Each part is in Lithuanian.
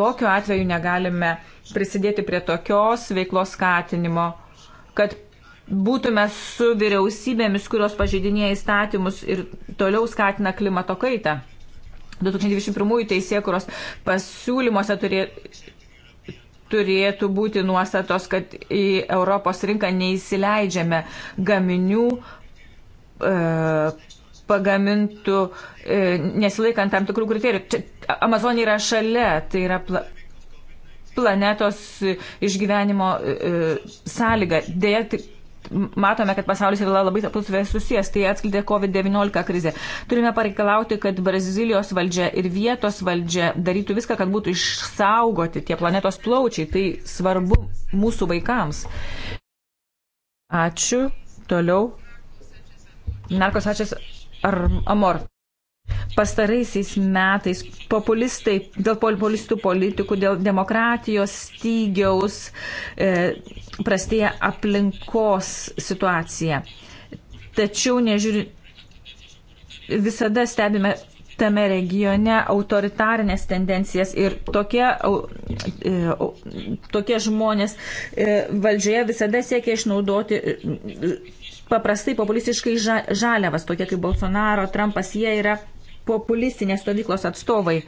Tokiu atveju negalime prisidėti prie tokios veiklos skatinimo, kad būtume su vyriausybėmis, kurios pažeidinėja įstatymus ir toliau skatina klimato kaitą. 2021 teisėkuros pasiūlymuose turė, turėtų būti nuostatos, kad į Europos rinką neįsileidžiame gaminių e, pagamintų e, nesilaikant tam tikrų kriterijų. Čia, Amazonija yra šalia, tai yra pla planetos išgyvenimo e, e sąlyga. Deja, matome, kad pasaulis yra labai tarpusavėje susijęs, tai atskleidė COVID-19 krizė. Turime pareikalauti, kad Brazilijos valdžia ir vietos valdžia darytų viską, kad būtų išsaugoti tie planetos plaučiai. Tai svarbu mūsų vaikams. Ačiū. Toliau. Narkos ačiū. Ar amor. Pastaraisiais metais populistai, dėl populistų politikų, dėl demokratijos stygiaus e, prastėja aplinkos situacija. Tačiau nežiūri, visada stebime tame regione autoritarinės tendencijas ir tokie, e, tokie žmonės e, valdžioje visada siekia išnaudoti e, paprastai populistiškai žaliavas, tokie kaip Bolsonaro, Trumpas, jie yra populistinės stovyklos atstovai.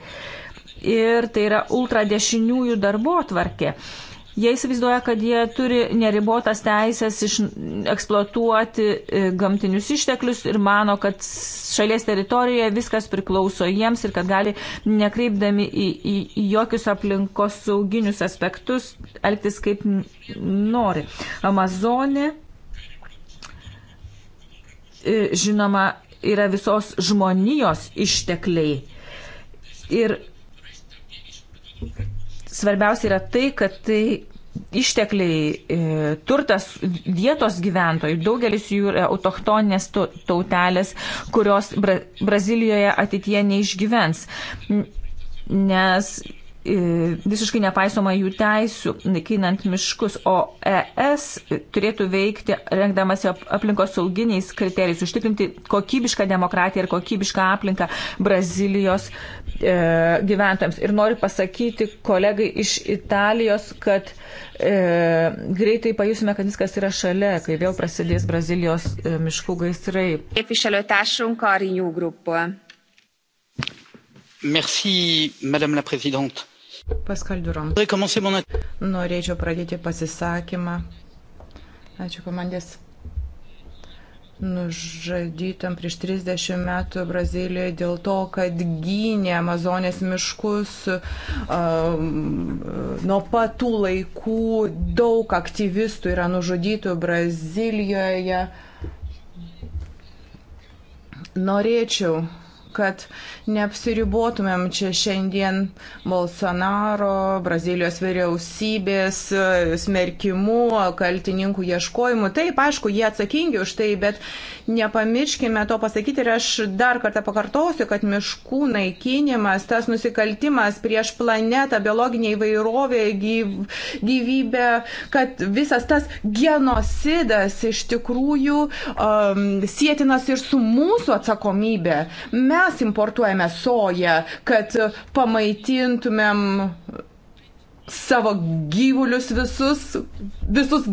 Ir tai yra ultradešiniųjų darbo tvarkė. Jie įsivaizduoja, kad jie turi neribotas teisės iš, eksploatuoti e, gamtinius išteklius ir mano, kad šalies teritorijoje viskas priklauso jiems ir kad gali, nekreipdami į, į, į jokius aplinkos sauginius aspektus, elgtis kaip nori. Amazonė, e, žinoma, yra visos žmonijos ištekliai. Ir svarbiausia yra tai, kad tai ištekliai, e, turtas vietos gyventojų, daugelis jų yra autochtoninės tautelės, kurios Bra Brazilijoje ateitie neišgyvens. Nes E, visiškai nepaisoma jų teisų, naikinant miškus, o ES turėtų veikti, rengdamas aplinkos sauginiais kriterijais, užtikrinti kokybišką demokratiją ir kokybišką aplinką Brazilijos e, gyventojams. Ir noriu pasakyti kolegai iš Italijos, kad e, greitai pajusime, kad viskas yra šalia, kai vėl prasidės Brazilijos e, miškų gaisrai. Merci, Madame la Présidente Paskaldiurom. Norėčiau pradėti pasisakymą. Ačiū komandės nužudytam prieš 30 metų Brazilijoje dėl to, kad gynė Amazonės miškus um, nuo patų laikų daug aktyvistų yra nužudytų Brazilijoje. Norėčiau kad neapsiribotumėm čia šiandien Bolsonaro, Brazilijos vyriausybės smerkimu, kaltininkų ieškojimu. Taip, aišku, jie atsakingi už tai, bet Nepamirškime to pasakyti ir aš dar kartą pakartosiu, kad miškų naikinimas, tas nusikaltimas prieš planetą, biologinė įvairovė, gyv, gyvybė, kad visas tas genocidas iš tikrųjų um, sėtinas ir su mūsų atsakomybė. Mes importuojame soją, kad pamaitintumėm savo gyvulius visus, visus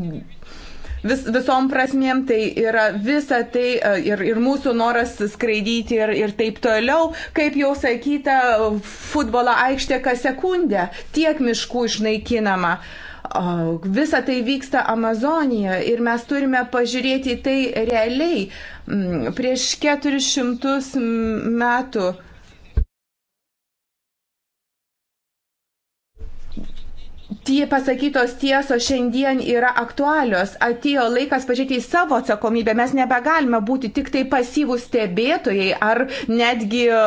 vis, visom prasmėm, tai yra visa tai e, ir, ir mūsų noras skraidyti ir, ir taip toliau, kaip jau sakyta, futbolo aikštė kas sekundę, tiek miškų išnaikinama. Visa tai vyksta Amazonijoje ir mes turime pažiūrėti į tai realiai. Mm, prieš 400 metų tie pasakytos tiesos šiandien yra aktualios. Atėjo laikas pažiūrėti į savo atsakomybę. Mes nebegalime būti tik tai pasyvų stebėtojai ar netgi e,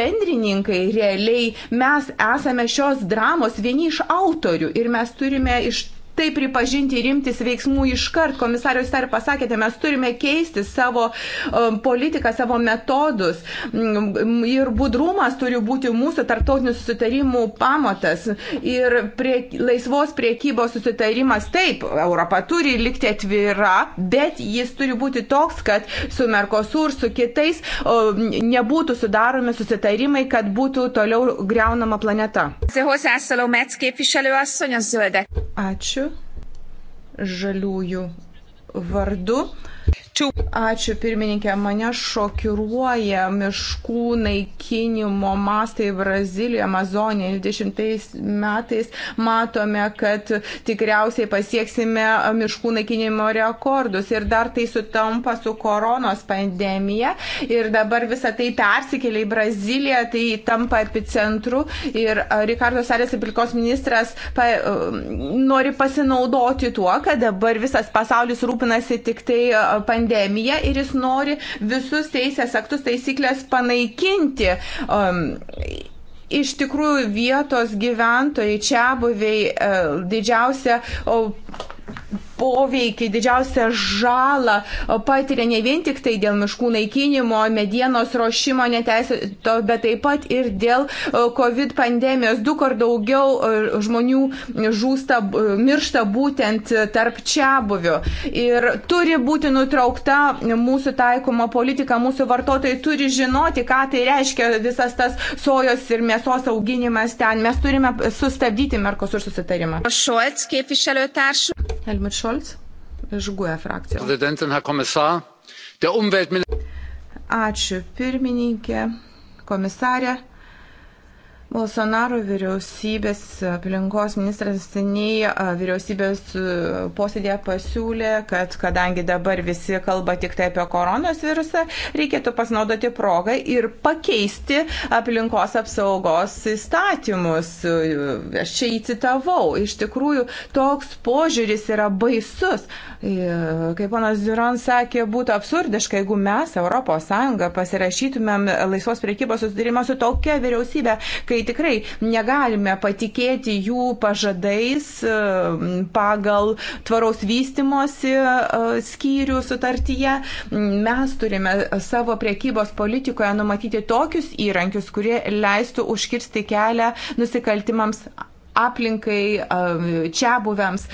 bendrininkai. Realiai mes esame šios dramos vieni iš autorių ir mes turime iš tai pripažinti ir imtis veiksmų iškart. Komisarius dar pasakėte, mes turime keisti savo um, politiką, savo metodus. Mm, mm, ir budrumas turi būti mūsų tarptautinių susitarimų pamatas. Ir prie, laisvos priekybos susitarimas taip, Europa turi likti atvira, bet jis turi būti toks, kad su Merkosur, su kitais um, nebūtų sudaromi susitarimai, kad būtų toliau greunama planeta. Ačiū žaliųjų vardu. Ačiū pirmininkė, mane šokiruoja miškų naikinimo mastai Brazilijoje, Amazonijoje. 20 metais matome, kad tikriausiai pasieksime miškų naikinimo rekordus ir dar tai sutampa su koronos pandemija ir dabar visa tai persikėlė į Braziliją, tai tampa epicentru ir Rikardo Sarės aplikos ministras pa, um, nori pasinaudoti tuo, kad dabar visas pasaulis rūpinasi tik tai pandemiją ir jis nori visus teisės aktus taisyklės panaikinti. Um, iš tikrųjų vietos gyventojai, čia buviai e, didžiausia poveikį, didžiausią žalą patiria ne vien tik tai dėl miškų naikinimo, medienos rošimo neteisėto, bet taip pat ir dėl e, COVID pandemijos. Du kart daugiau e, žmonių žūsta, e, miršta būtent tarp čia buvių. Ir turi būti nutraukta mūsų taikoma politika, mūsų vartotojai turi žinoti, ką tai reiškia visas tas sojos ir mėsos auginimas ten. Mes turime sustabdyti Merkosur susitarimą. Šolc, kaip išėliu taršu. Helmut Šolc. Šolts iš GUE frakcijos. Ačiū pirmininkė, komisarė. Bolsonaro vyriausybės aplinkos ministras seniai vyriausybės posėdėje pasiūlė, kad kadangi dabar visi kalba tik tai apie koronos virusą, reikėtų pasinaudoti progą ir pakeisti aplinkos apsaugos įstatymus. Aš čia įcitavau. Iš tikrųjų, toks požiūris yra baisus. Kaip ponas Ziron sakė, būtų absurdiška, jeigu mes, ES, pasirašytumėm laisvos priekybos susidarimą su tokia vyriausybė, kai kai tikrai negalime patikėti jų pažadais e, pagal tvaraus vystimosi e, skyrių sutartyje. Mes turime savo priekybos politikoje numatyti tokius įrankius, kurie leistų užkirsti kelią nusikaltimams aplinkai, e, čia buvėms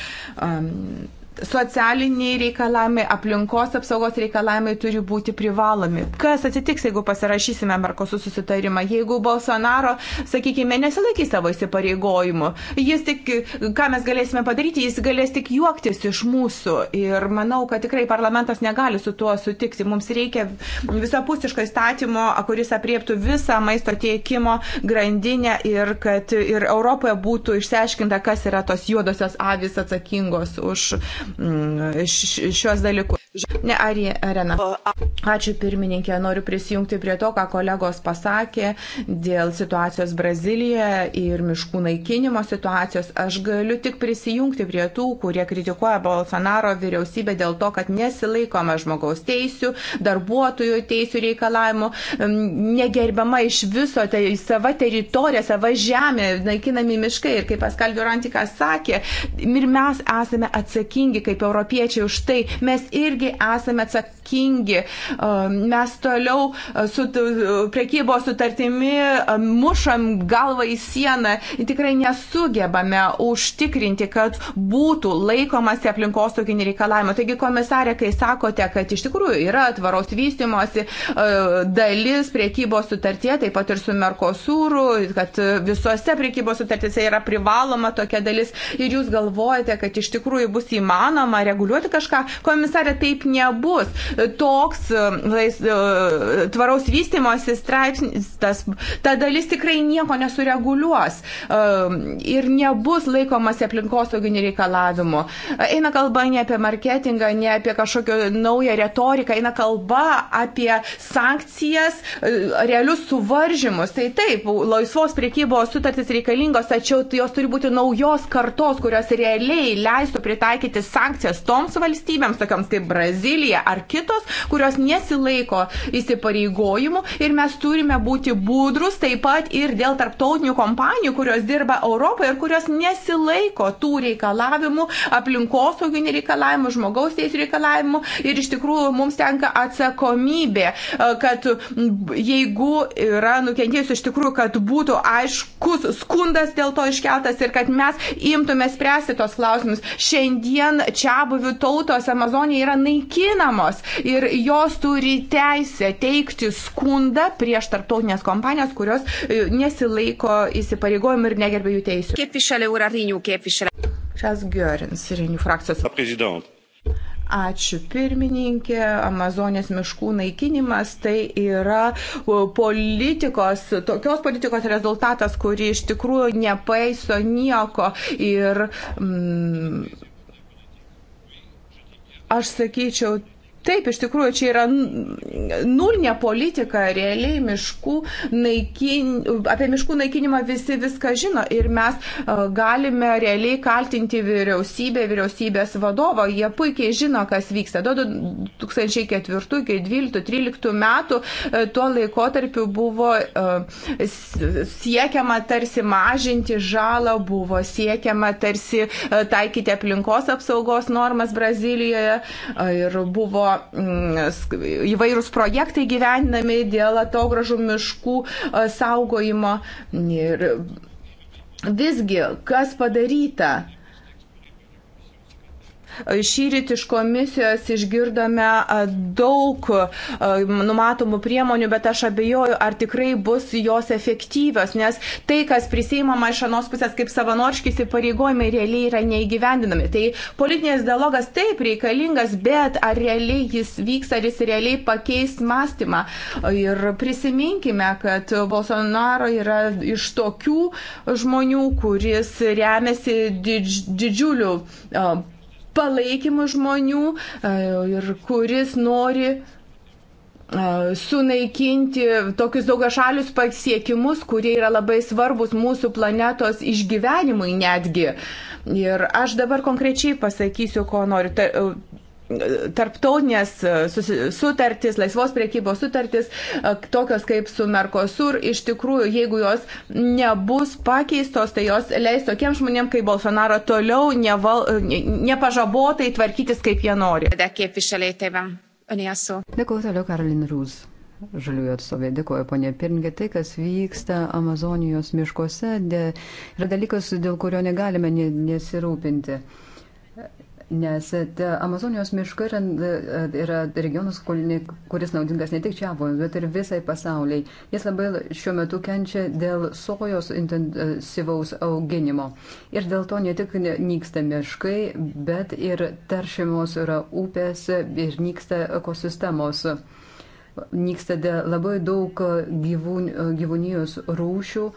socialiniai reikalavimai, aplinkos apsaugos reikalavimai turi būti privalomi. Kas atsitiks, jeigu pasirašysime Merkosų susitarimą, jeigu Bolsonaro, sakykime, nesilaikys savo įsipareigojimų? Jis tik, ką mes galėsime padaryti, jis galės tik juoktis iš mūsų. Ir manau, kad tikrai parlamentas negali su tuo sutikti. Mums reikia visapusiško įstatymo, kuris apriektų visą maisto tiekimo grandinę ir kad ir Europoje būtų išsiaiškinta, kas yra tos juodosios avis atsakingos už Mm, šios dalykus. Ne, Arija Arena. Ačiū pirmininkė, noriu prisijungti prie to, ką kolegos pasakė dėl situacijos Brazilijoje ir miškų naikinimo situacijos. Aš galiu tik prisijungti prie tų, kurie kritikuoja Bolsonaro vyriausybę dėl to, kad nesilaikoma žmogaus teisių, darbuotojų teisių reikalavimų, negerbiama iš viso, tai sava teritorija, sava žemė, naikinami miškai. Ir kaip Paskalvio Rantikas sakė, ir mes esame atsakingi kaip europiečiai už tai. Mes irgi irgi esame atsakingi. E, mes toliau e, su prekybos sutartimi e, mušam galvą į sieną. Tikrai nesugebame užtikrinti, kad būtų laikomasi aplinkosauginių reikalavimų. Taigi, komisarė, kai sakote, kad iš tikrųjų yra tvaros vystimosi dalis priekybos sutartie, taip pat ir su Merkosūru, kad visose priekybos sutartise yra privaloma tokia dalis ir jūs galvojate, kad iš tikrųjų bus įmanoma reguliuoti kažką, komisarė, tai taip nebus. Toks e, lais, e, tvaraus vystimosi straipsnis, tas, ta dalis tikrai nieko nesureguliuos e, ir nebus laikomasi aplinkosauginių reikalavimų. Eina kalba ne apie marketingą, ne apie kažkokią naują retoriką, eina kalba apie sankcijas, realius suvaržymus. Tai taip, laisvos priekybos sutartys reikalingos, tačiau tai jos turi būti naujos kartos, kurios realiai leistų pritaikyti sankcijas toms valstybėms, tokiams kaip Brazilija. Brazilija ar kitos, kurios nesilaiko įsipareigojimų ir mes turime būti būdrus taip pat ir dėl tarptautinių kompanijų, kurios dirba Europoje ir kurios nesilaiko tų reikalavimų, aplinkosauginių reikalavimų, žmogaus teisų reikalavimų ir iš tikrųjų mums tenka atsakomybė, e, kad jeigu yra nukentėjusi iš tikrųjų, kad būtų aiškus skundas dėl to iškeltas ir kad mes imtume spręsti tos klausimus. Šiandien čia buvių tautos Amazonija yra naikinamos naikinamos ir jos turi teisę teikti skundą prieš tarptautinės kompanijos, kurios e, nesilaiko įsipareigojimų ir negerbė jų teisų. Képviselő úr, a Rinyú képviselő. Šias Görins, Rinyú frakcijos. Ačiū pirmininkė. Amazonės miškų naikinimas tai yra politikos, tokios politikos rezultatas, kuri iš tikrųjų nepaiso nieko. Ir, mm, Aš sakyčiau, Taip, iš tikrųjų, čia yra nulinė politika, realiai miškų naikin... apie miškų naikinimą visi viską žino ir mes e, galime realiai kaltinti vyriausybę, vyriausybės vadovą, jie puikiai žino, kas vyksta. Nuo 2004 iki 2012-2013 metų e, tuo laikotarpiu buvo e, siekiama tarsi mažinti žalą, buvo siekiama tarsi taikyti aplinkos apsaugos normas Brazilijoje ir buvo Mm, įvairūs projektai gyvendami dėl atogražų miškų e, saugojimo. Ir visgi, kas padaryta? Šyrit iš komisijos išgirdome daug numatomų priemonių, bet aš abejoju, ar tikrai bus jos efektyvios, nes tai, kas prisėmama iš anos pusės kaip savanoriški įsipareigojimai, realiai yra neįgyvendinami. Tai politinės dialogas taip reikalingas, bet ar realiai jis vyks, ar jis realiai pakeis mąstymą. Ir prisiminkime, kad Bolsonaro yra iš tokių žmonių, kuris remiasi didž, didžiuliu palaikymą žmonių e, ir kuris nori e, sunaikinti tokius daugiašalius pasiekimus, kurie yra labai svarbus mūsų planetos išgyvenimui netgi. Ir aš dabar konkrečiai pasakysiu, ko noriu tarptautinės e, sutartys, laisvos priekybos sutartys, e, tokios kaip su Mercosur, iš tikrųjų, jeigu jos nebus pakeistos, tai jos leis tokiems žmonėms kaip Bolsonaro toliau neval, nepažabotai tvarkytis, kaip jie nori. Dėkuoju toliau, Karolin Rūz. Žaliųjų atstovė dėkoju, ponė Pirngė, tai, kas vyksta Amazonijos miškuose, dė, yra dalykas, dėl kurio negalime nesirūpinti. Ne nes e, Amazonijos miškai yra, e, e, yra regionas, kuris naudingas ne tik čia, bet ir visai pasauliai. Jis labai šiuo metu kenčia dėl sojos intensyvaus auginimo. Ir dėl to ne tik nyksta miškai, bet ir taršimos yra upės ir nyksta ekosistemos nyksta labai daug gyvūn, gyvūnijos rūšių,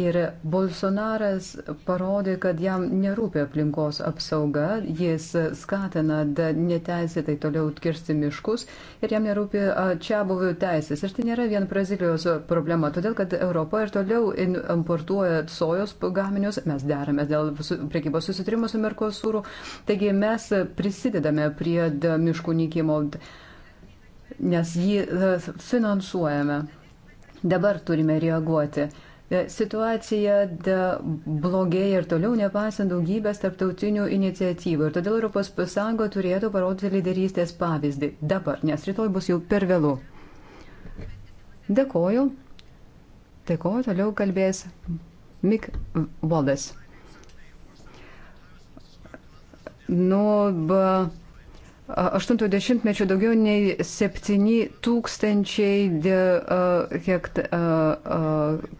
Ir Bolsonaras parodė, kad jam nerūpia aplinkos apsauga, jis skatina neteisėtai toliau kirsti miškus ir jam nerūpia čia buvių teisės. Ir tai nėra vien Brazilijos problema, todėl kad Europa ir toliau importuoja sojos gaminius, mes derame dėl prekybos susitrimų su Merkosūru, taigi mes prisidedame prie miškų nykimo, nes jį finansuojame. Dabar turime reaguoti. E, situacija blogėja ir toliau nepasant daugybės tarptautinių iniciatyvų. Ir todėl ES turėtų parodyti lyderystės pavyzdį dabar, nes rytoj bus jau per vėlų. Dėkoju. Dėkoju, toliau kalbės Mik Valdas. Nuo 80-mečio daugiau nei 7 tūkstančiai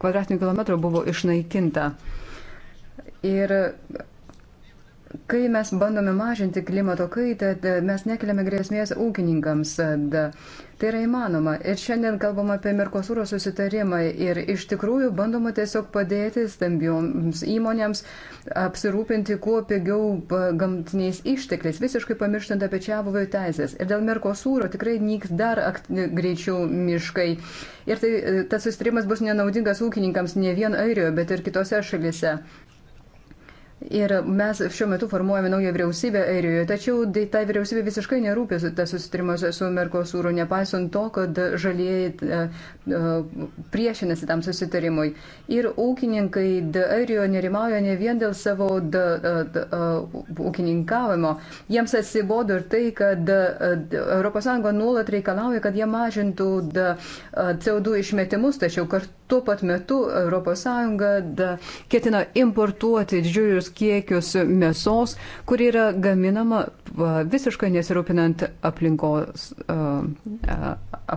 kvadratinių kilometrų buvo išnaikinta. Ir Kai mes bandome mažinti klimato kaitą, mes nekeliame grėsmės ūkininkams. Tai yra įmanoma. Ir šiandien kalbam apie Merkosūro susitarimą ir iš tikrųjų bandoma tiesiog padėti stambioms įmonėms apsirūpinti kuo pigiau gamtiniais ištekliais, visiškai pamirštant apie čia buvę teisės. Ir dėl Merkosūro tikrai nyks dar greičiau miškai. Ir tai, e, tas susitarimas bus nenaudingas ūkininkams ne vien Airijoje, bet ir kitose šalise. Ir mes šiuo metu formuojame naują vyriausybę Airijoje, tačiau ta tai vyriausybė visiškai nerūpė tas susitarimas su Merkosūru, nepaisant to, kad žalieji e, e, priešinasi tam susitarimui. Ir ūkininkai Airijoje nerimauja ne vien dėl savo da, e, da, ūkininkavimo. Jiems atsibodo ir tai, kad ES nuolat reikalauja, kad jie mažintų da, CO2 išmetimus, tačiau kartu tuo pat metu ES ketina importuoti didžiulius kiekius mėsos, kuri yra gaminama visiškai nesirūpinant aplinkos,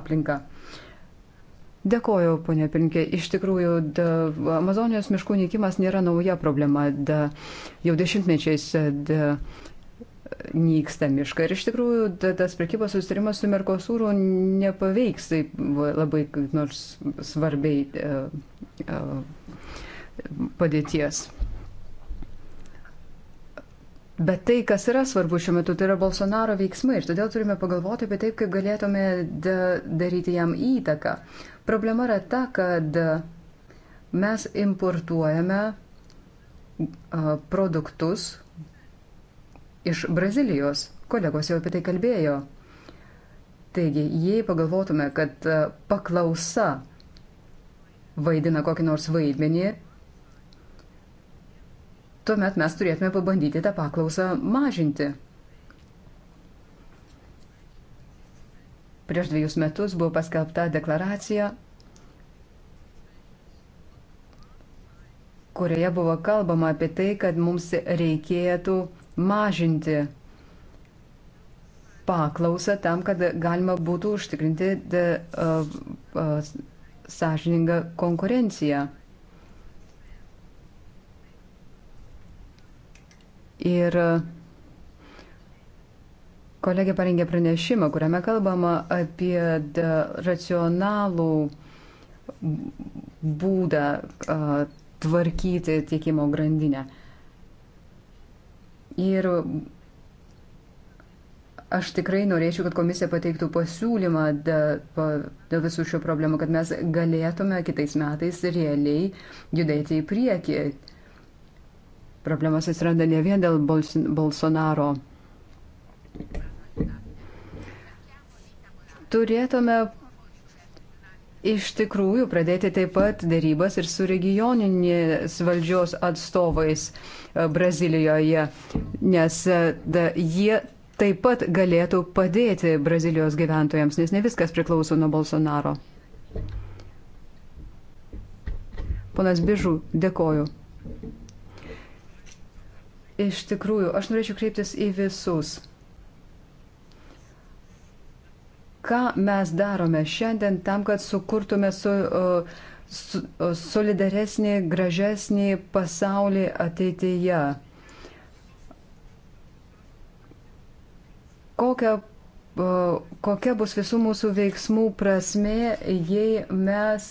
aplinka. Dėkoju, ponė Pirinkė. Iš tikrųjų, da, Amazonijos miškų nykimas nėra nauja problema. Da, jau dešimtmečiais da, nyksta mišką. Ir iš tikrųjų tas prekybos sustarimas su Merkosūru nepaveiks taip labai nors svarbiai e, e, padėties. Bet tai, kas yra svarbu šiuo metu, tai yra Bolsonaro veiksmai ir todėl turime pagalvoti apie taip, kaip galėtume da daryti jam įtaką. Problema yra ta, kad mes importuojame produktus, iš Brazilijos. Kolegos jau apie tai kalbėjo. Taigi, jei pagalvotume, kad e, paklausa vaidina kokį nors vaidmenį, tuomet mes turėtume pabandyti tą paklausą mažinti. Prieš dviejus metus buvo paskelbta deklaracija, kurioje buvo kalbama apie tai, kad mums reikėtų mažinti paklausą tam, kad galima būtų užtikrinti de, uh, uh, sąžiningą konkurenciją. Ir kolegė parengė pranešimą, kuriame kalbama apie de, racionalų būdą uh, tvarkyti tiekimo grandinę. Uh, Ir aš tikrai norėčiau, kad komisija pateiktų pasiūlymą dėl visų šių problemų, kad mes galėtume kitais metais realiai judėti į priekį. Problemas atsiranda ne vien dėl Bolsonaro. Turėtume iš tikrųjų pradėti taip pat dėrybas ir su regioninės valdžios atstovais e, Brazilijoje, nes e, da, jie taip pat galėtų padėti Brazilijos gyventojams, nes ne viskas priklauso nuo Bolsonaro. Ponas Bižų, dėkoju. Iš tikrųjų, aš norėčiau kreiptis į visus. ką mes darome šiandien tam, kad sukurtume su, su, solidaresnį, gražesnį pasaulį ateityje. Kokia, kokia bus visų mūsų veiksmų prasme, jei mes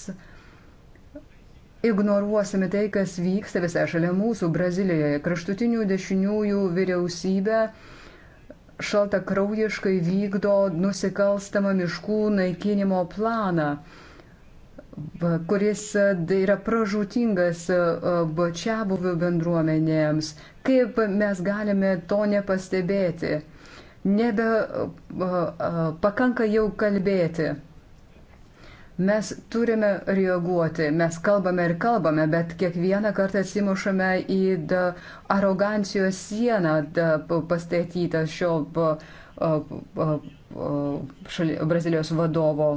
ignoruosime tai, kas vyksta visai šalia mūsų Brazilijoje. Kraštutinių dešiniųjų vyriausybė uh, šaltakraujiškai vykdo nusikalstamą miškų naikinimo planą, kuris e, yra pražūtingas e, e, čia buvių bendruomenėms. Kaip mes galime to nepastebėti? Nebe pakanka jau kalbėti. Mes turime reaguoti, mes kalbame ir kalbame, bet kiekvieną kartą atsimušame į arogancijos sieną pastatytą šio šali, Brazilijos vadovo.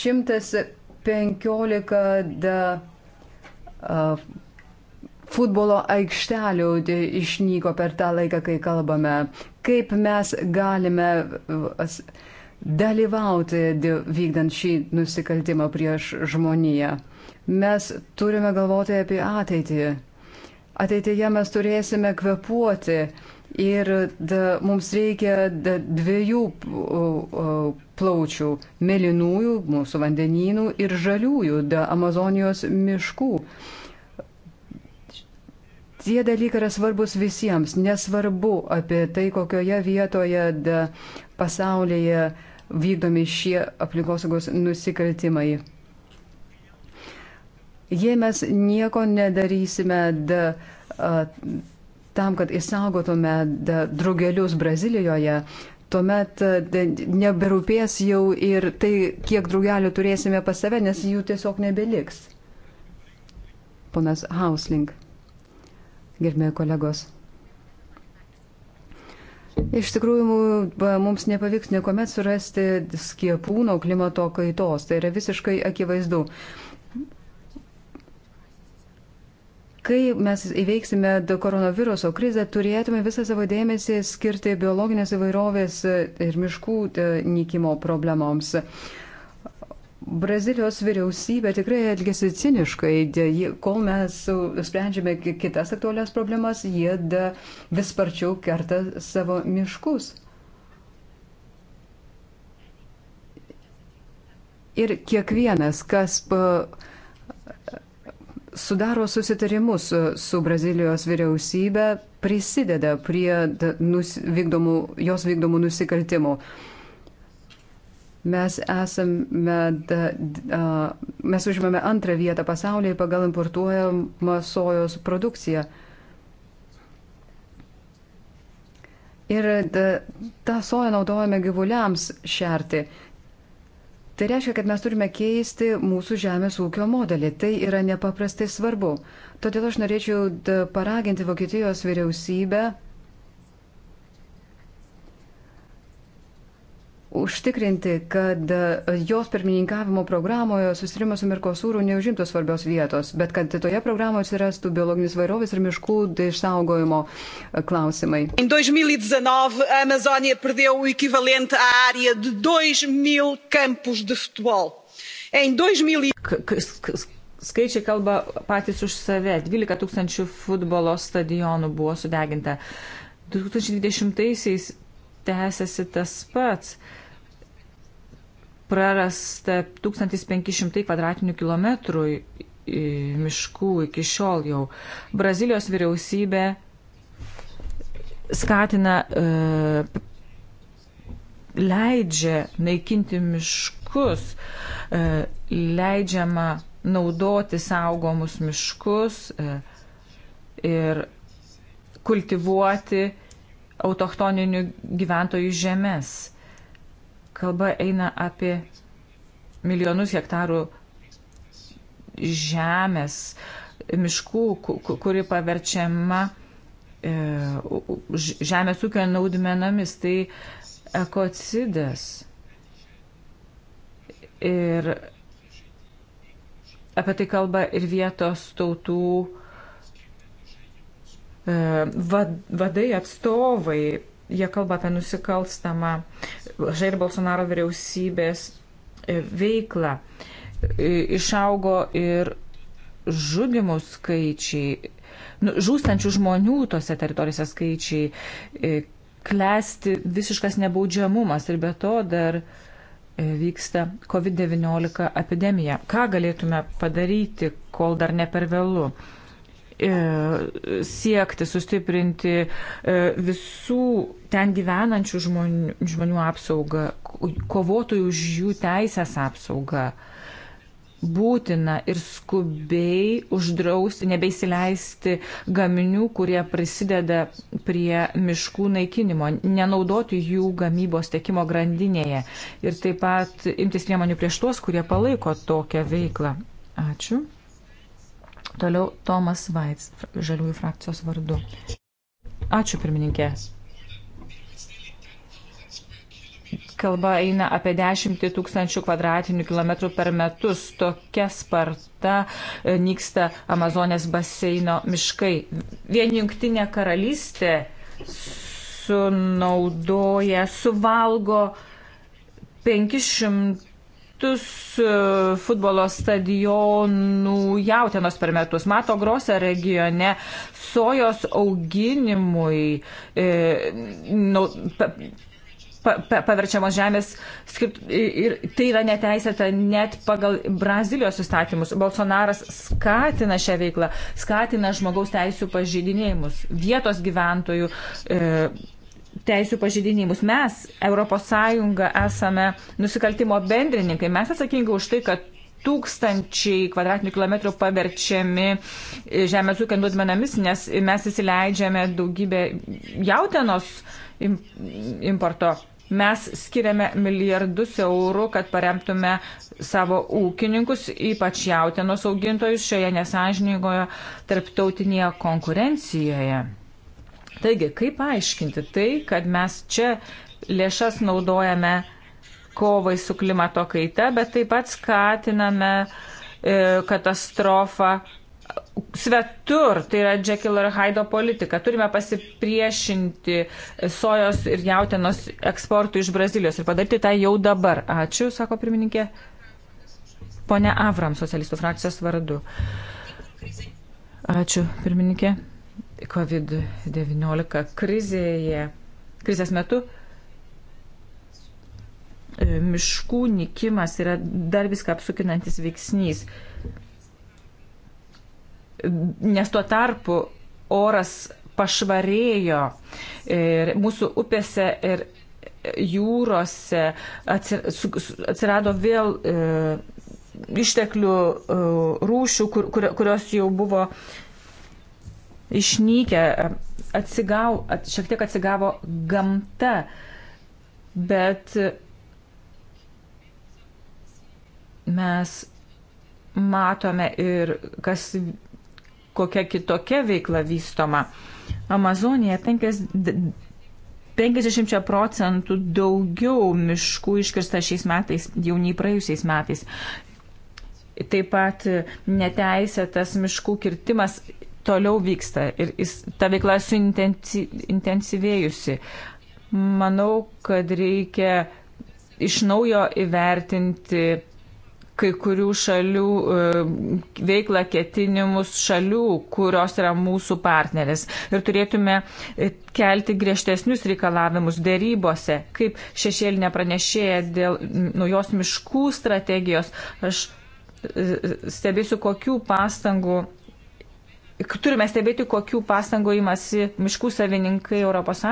Šimtas penkiolika futbolo aikštelių išnyko per tą laiką, kai kalbame kaip mes galime uh, dalyvauti vykdant šį nusikaltimą prieš žmoniją. Mes turime galvoti apie ateitį. Ateityje mes turėsime kvepuoti ir da, mums reikia da, dviejų uh, uh, plaučių - mėlynųjų mūsų vandenynų ir žaliųjų da, Amazonijos miškų. Tie dalykai yra svarbus visiems, nesvarbu apie tai, kokioje vietoje da, pasaulyje vykdomi šie aplinkosaugos nusikaltimai. Jei mes nieko nedarysime da, a, tam, kad įsaugotume da, draugelius Brazilijoje, tuomet neberūpės jau ir tai, kiek draugelių turėsime pas save, nes jų tiesiog nebeliks. Ponas Hausling gerbėjai kolegos. Iš tikrųjų, mums nepavyks niekuomet surasti skiepų nuo klimato kaitos. Tai yra visiškai akivaizdu. Kai mes įveiksime koronaviruso krizę, turėtume visą savo dėmesį skirti biologinės įvairovės ir miškų nykimo problemoms. Uh, Brazilijos vyriausybė tikrai elgesi ciniškai, kol mes sprendžiame kitas aktualias problemas, jie vis sparčiau kerta savo miškus. Ir kiekvienas, kas sudaro susitarimus su Brazilijos vyriausybė, prisideda prie nus, vykdomų, jos vykdomų nusikaltimų. Mes esame, mes užimame antrą vietą pasaulyje pagal importuojamą sojos produkciją. Ir tą soją naudojame gyvuliams šerti. Tai reiškia, kad mes turime keisti mūsų žemės ūkio modelį. Tai yra nepaprastai svarbu. Todėl aš norėčiau paraginti Vokietijos vyriausybę užtikrinti, kad e, jos pirmininkavimo programoje susirimas su Mirkosūru neužimtų svarbios vietos, bet kad toje programoje atsirastų biologinis vairovės ir miškų išsaugojimo e, klausimai. 2019, e a Amazônia perdeu o equivalente à área de 2000 campos de futebol. Em 2000... Skaičiai kalba patys už save. 12 tūkstančių futbolo stadionų buvo sudeginta. 2020-aisiais tęsiasi tas pats. Prarasta 1500 kvadratinių kilometrų miškų iki šiol jau. Brazilijos vyriausybė skatina, e, leidžia naikinti miškus, e, leidžiama naudoti saugomus miškus e, ir kultivuoti autochtoninių gyventojų žemės. Kalba eina apie milijonus hektarų žemės, miškų, kuri paverčiama e, žemės ūkio naudmenomis. Tai ekocidas. Ir apie tai kalba ir vietos tautų E, vadai, atstovai, jie kalba apie nusikalstamą Žair Bolsonaro vyriausybės e, veiklą. E, išaugo ir žudimų skaičiai, nu, žūstančių žmonių tose teritorijose skaičiai, klesti visiškas nebaudžiamumas ir be to dar vyksta COVID-19 epidemija. Ką galėtume padaryti, kol dar ne per vėlų? E, siekti sustiprinti e, visų ten gyvenančių žmonių, žmonių apsaugą, kovotojų už jų teisės apsaugą. Būtina ir skubiai uždrausti, nebeisileisti gaminių, kurie prisideda prie miškų naikinimo, nenaudoti jų gamybos tiekimo grandinėje ir taip pat imtis priemonių prieš tuos, kurie palaiko tokią veiklą. Ačiū. Toliau Tomas Vaits, žaliųjų frakcijos vardu. Ačiū, pirmininkė. Kalba eina apie 10 tūkstančių kvadratinių kilometrų per metus. Tokia sparta e, nyksta Amazonės baseino miškai. Vien jungtinė karalystė sunaudoja, suvalgo 500 šimtus e, futbolo stadionų jautienos per metus. Mato Grosą regione sojos auginimui e, nu, pa, pa, pa, paverčiamos žemės. Skirt, ir tai yra neteisėta net pagal Brazilijos įstatymus. Bolsonaras skatina šią veiklą, skatina žmogaus teisų pažydinėjimus vietos gyventojų. E, teisų pažydinimus. Mes, ES, esame nusikaltimo bendrininkai. Mes atsakingi už tai, kad tūkstančiai kvadratinių kilometrų paverčiami žemės ūkio nuodmenomis, nes mes įsileidžiame daugybę jautienos importo. Mes skiriame milijardus eurų, kad paremtume savo ūkininkus, ypač jautienos augintojus šioje nesažiningoje tarptautinėje konkurencijoje. Taigi, kaip aiškinti tai, kad mes čia lėšas naudojame kovai su klimato kaita, bet taip pat skatiname e, katastrofą svetur, tai yra Jekyll ir Haido politika. Turime pasipriešinti e, sojos ir jautienos eksportui iš Brazilijos ir padaryti tą jau dabar. Ačiū, sako pirmininkė. Pone Avram, socialistų frakcijos vardu. Ačiū, pirmininkė. COVID-19 krizėje, krizės metu e, miškų nikimas yra dar viską apsukinantis veiksnys. Nes tuo tarpu oras pašvarėjo ir mūsų upėse ir jūrose atsirado vėl e, išteklių e, rūšių, kur, kur, kurios jau buvo išnykę, atsigau, at, šiek tiek atsigavo gamta, bet mes matome ir kas, kokia kitokia veikla vystoma. Amazonija 50, 50 procentų daugiau miškų iškirsta šiais metais, jau nei praėjusiais metais. Taip pat neteisėtas miškų kirtimas toliau vyksta ir jis, ta veikla suintensyvėjusi. Manau, kad reikia iš naujo įvertinti kai kurių šalių e, veiklą ketinimus šalių, kurios yra mūsų partneris. Ir turėtume e, kelti griežtesnius reikalavimus dėrybose, kaip šešėlinė pranešėja dėl naujos miškų strategijos. Aš e, stebėsiu, kokių pastangų turime stebėti, kokių pastangų įmasi miškų savininkai ES,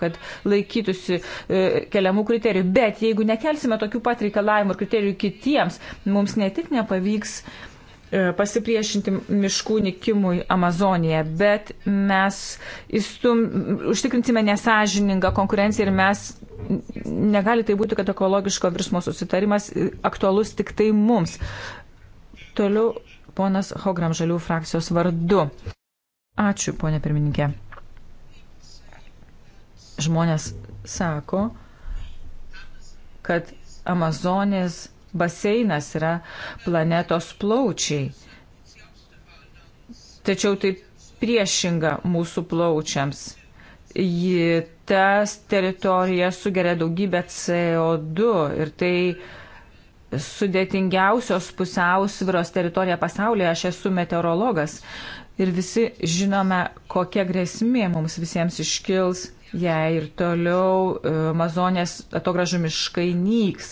kad laikytųsi e, keliamų kriterijų. Bet jeigu nekelsime tokių pat reikalavimų ir kriterijų kitiems, mums ne tik nepavyks e, pasipriešinti miškų nikimui Amazonėje, bet mes įstum, užtikrinsime nesažiningą konkurenciją ir mes negali tai būti, kad ekologiško virsmo susitarimas e, aktualus tik tai mums. Toliau ponas Hogram Žalių frakcijos vardu. Ačiū, ponė pirmininkė. Žmonės sako, kad Amazonės baseinas yra planetos plaučiai. Tačiau tai priešinga mūsų plaučiams. Ji tas teritorija sugeria daugybę CO2 ir tai uh, sudėtingiausios pusiausvyros teritorija pasaulyje. Aš esu meteorologas ir visi žinome, kokia grėsmė mums visiems iškils, jei ir toliau e, Amazonės atogražų miškai nyks.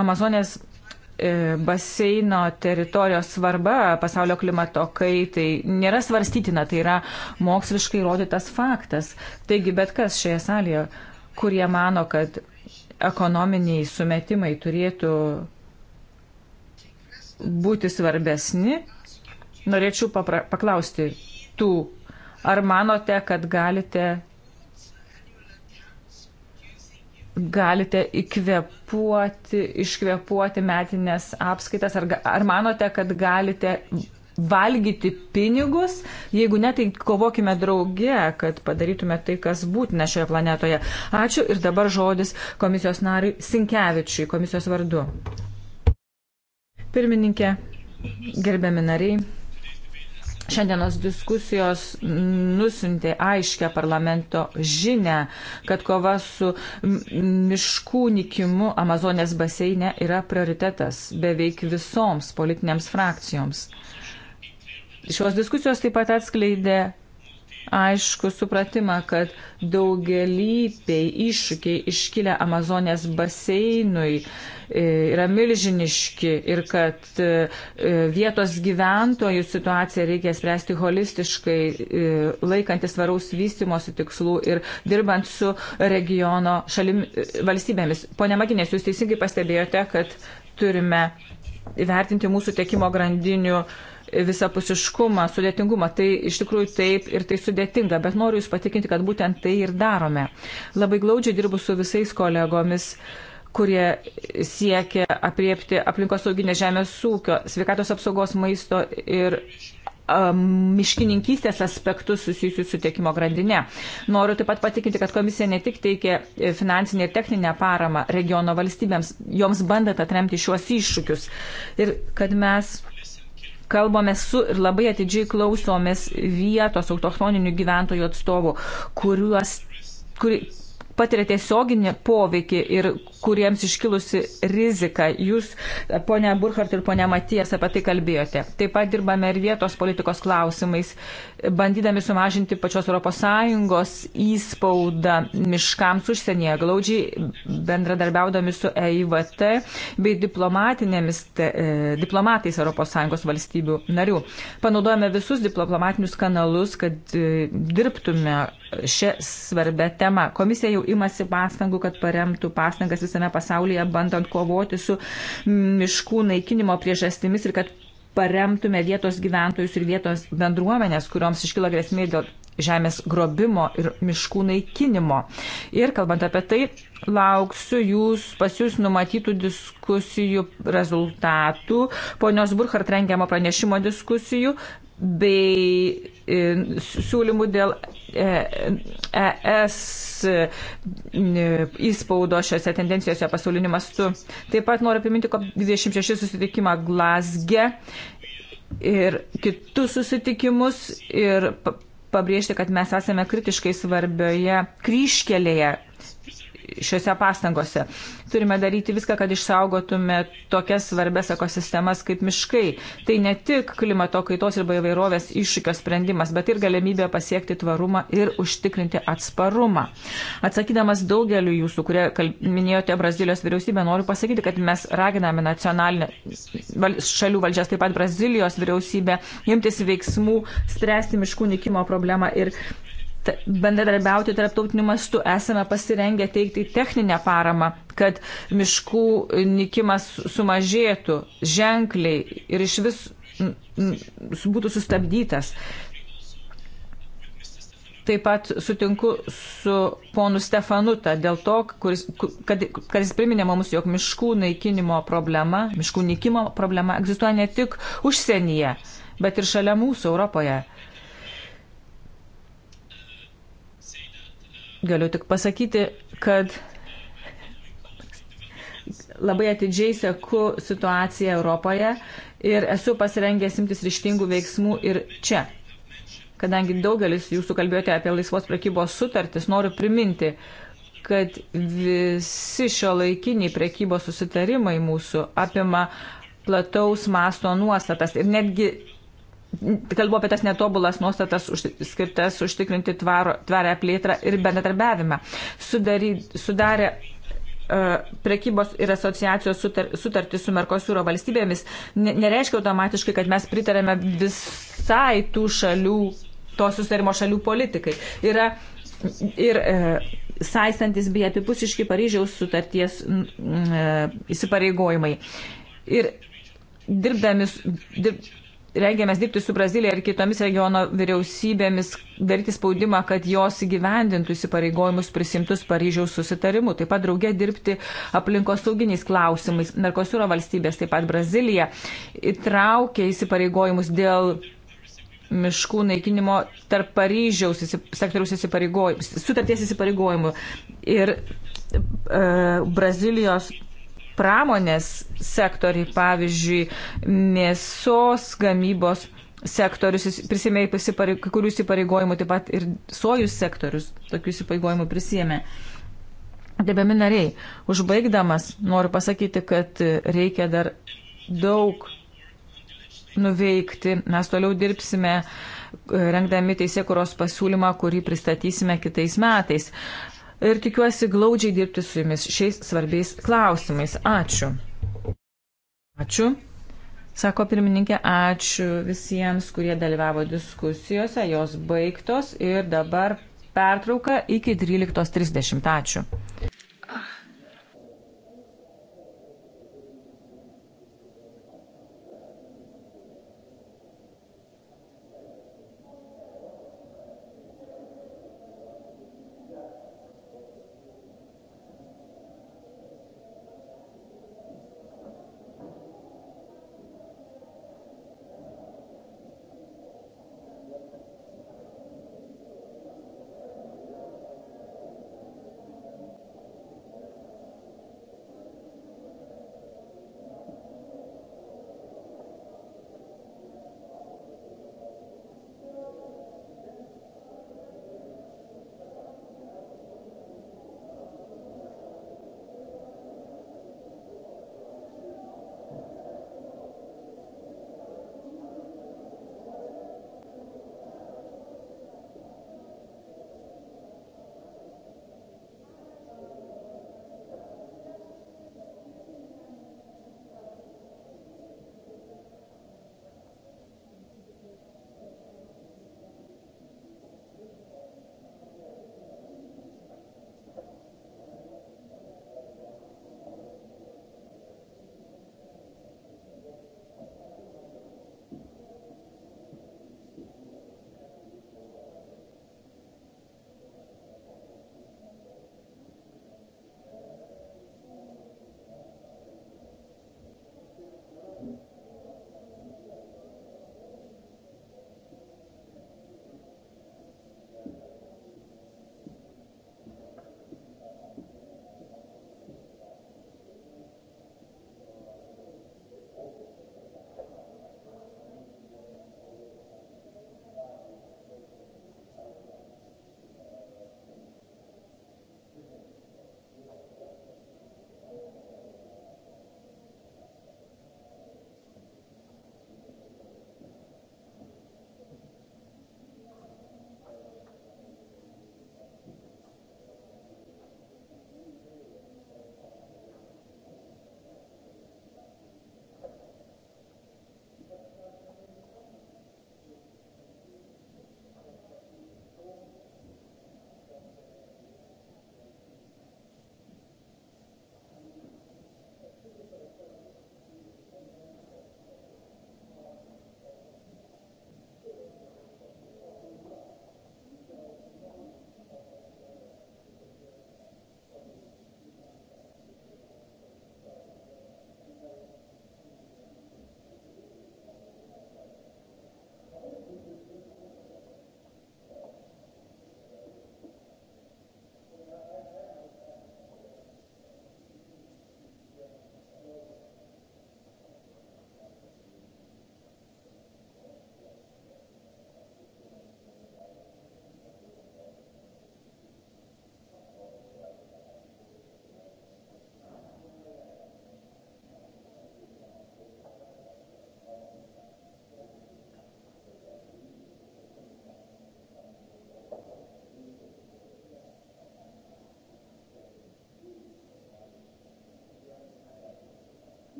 Amazonės e, baseino teritorijos svarba pasaulio klimato kaitai nėra svarstytina, tai yra moksliškai įrodytas faktas. Taigi bet kas šioje salėje, kurie mano, kad ekonominiai sumetimai turėtų būti svarbesni, norėčiau paklausti tų, ar manote, kad galite, galite įkvepuoti, iškvepuoti metinės apskaitas, ar, ar manote, kad galite valgyti pinigus, jeigu ne, tai kovokime drauge, kad padarytume tai, kas būtina šioje planetoje. Ačiū ir dabar žodis komisijos nariui Sinkevičiui, komisijos vardu. Pirmininkė, gerbiami nariai. Šiandienos diskusijos nusintė aiškę parlamento žinę, kad kova su miškų nikimu Amazonės baseine yra prioritetas beveik visoms politinėms frakcijoms. Šios diskusijos taip pat atskleidė aišku supratimą, kad daugelypiai iššūkiai iškilę Amazonės baseinui e, yra milžiniški ir kad e, e, vietos gyventojų situaciją reikia spręsti holistiškai, laikantis varaus vystimosi tikslų ir dirbant su regiono šalim, valstybėmis. Pone Maginės, jūs teisingai pastebėjote, kad turime įvertinti mūsų tiekimo grandinių uh, visapusiškumą, sudėtingumą. Tai iš tikrųjų taip ir tai sudėtinga, bet noriu Jūs patikinti, kad būtent tai ir darome. Labai glaudžiai dirbu su visais kolegomis kurie siekia apriepti aplinkosauginę žemės ūkio, sveikatos apsaugos maisto ir miškininkystės aspektus susijusius su tiekimo grandinė. Noriu taip pat patikinti, kad komisija ne tik teikia finansinę ir techninę paramą regiono valstybėms, joms bandant atremti šiuos iššūkius ir kad mes kalbame su ir labai atidžiai klausomės vietos autochtoninių gyventojų atstovų, kuriuos, kur, patiria tiesioginį poveikį ir kuriems iškilusi rizika. Jūs, ponia Burkhardt ir ponia Matijas, apie tai kalbėjote. Taip pat dirbame ir vietos politikos klausimais, bandydami sumažinti pačios ES įspaudą miškams užsienyje, glaudžiai bendradarbiaudami su EIVT bei diplomatinėmis te, e, diplomatais ES valstybių narių. Panaudojame visus diplomatinius kanalus, kad e, dirbtume šią svarbę temą. Komisija jau imasi pastangų, kad paremtų pastangas visame pasaulyje, bandant kovoti su miškų naikinimo priežastimis ir kad paremtume vietos gyventojus ir vietos bendruomenės, kurioms iškilo grėsmė dėl žemės grobimo ir miškų naikinimo. Ir kalbant apie tai, lauksiu jūs pas jūs numatytų diskusijų rezultatų, ponios Burkhardt rengiamo pranešimo diskusijų bei e, siūlymų dėl ES e e, įspaudo šiose tendencijose pasauliniu mastu. Taip pat noriu priminti COP26 susitikimą Glasge ir kitus susitikimus ir pabrėžti, kad mes esame kritiškai svarbioje kryškelėje šiuose pastangose. Turime daryti viską, kad išsaugotume tokias svarbes ekosistemas kaip miškai. Tai ne tik klimato kaitos ir bairovės iššūkio sprendimas, bet ir galimybė pasiekti tvarumą ir užtikrinti atsparumą. Atsakydamas daugeliu jūsų, kurie minėjote Brazilijos vyriausybę, noriu pasakyti, kad mes raginame nacionalinę šalių valdžias, taip pat Brazilijos vyriausybę, imtis veiksmų, spręsti miškų nikimo problemą ir bendradarbiauti tarptautiniu mastu. Esame pasirengę teikti techninę paramą, kad miškų nikimas sumažėtų ženkliai ir iš vis būtų sustabdytas. Taip pat sutinku su ponu Stefanuta dėl to, kuris, kad, kad jis priminė mums, jog miškų naikinimo problema, miškų nikimo problema egzistuoja ne tik užsienyje, bet ir šalia mūsų Europoje. Uh, Galiu tik pasakyti, kad labai atidžiai seku situaciją Europoje ir esu pasirengęs imtis ryštingų veiksmų ir čia. Kadangi daugelis jūsų kalbėjote apie laisvos prekybos sutartis, noriu priminti, kad visi šio laikiniai prekybos susitarimai mūsų apima plataus masto nuostatas ir netgi kalbu apie tas netobulas nuostatas už, skirtas užtikrinti tvaro, tvarę plėtrą ir bendradarbiavimą. Sudary, sudarė uh, prekybos ir asociacijos sutar, sutartį su Merkosūro valstybėmis nereiškia automatiškai, kad mes pritarėme visai tų šalių, to susitarimo šalių politikai. Yra ir e, saistantis bei apipusiški Paryžiaus sutarties e, įsipareigojimai. Ir dirbdami, dirb, rengiamės dirbti su Brazilija ir kitomis regiono vyriausybėmis, daryti spaudimą, kad jos įgyvendintų įsipareigojimus prisimtus Paryžiaus susitarimu. Taip pat draugė dirbti aplinkos sauginiais klausimais. Narkosūro valstybės, taip pat Brazilija, įtraukė įsipareigojimus dėl miškų naikinimo tarp Paryžiaus sektoriaus įsipareigojimų, sutarties įsipareigojimų. Ir e, Brazilijos pramonės sektoriai, pavyzdžiui, mėsos gamybos sektorius, prisėmė kai kurių įsipareigojimų, taip pat ir sojus sektorius tokių įsipareigojimų prisėmė. Debėmi nariai, užbaigdamas noriu pasakyti, kad reikia dar daug nuveikti. Mes toliau dirbsime rengdami teisėkuros pasiūlymą, kurį pristatysime kitais metais ir tikiuosi glaudžiai dirbti su jumis šiais svarbiais klausimais. Ačiū. Ačiū. Sako pirmininkė, ačiū visiems, kurie dalyvavo diskusijose, jos baigtos ir dabar pertrauka iki 12.30. Ačiū.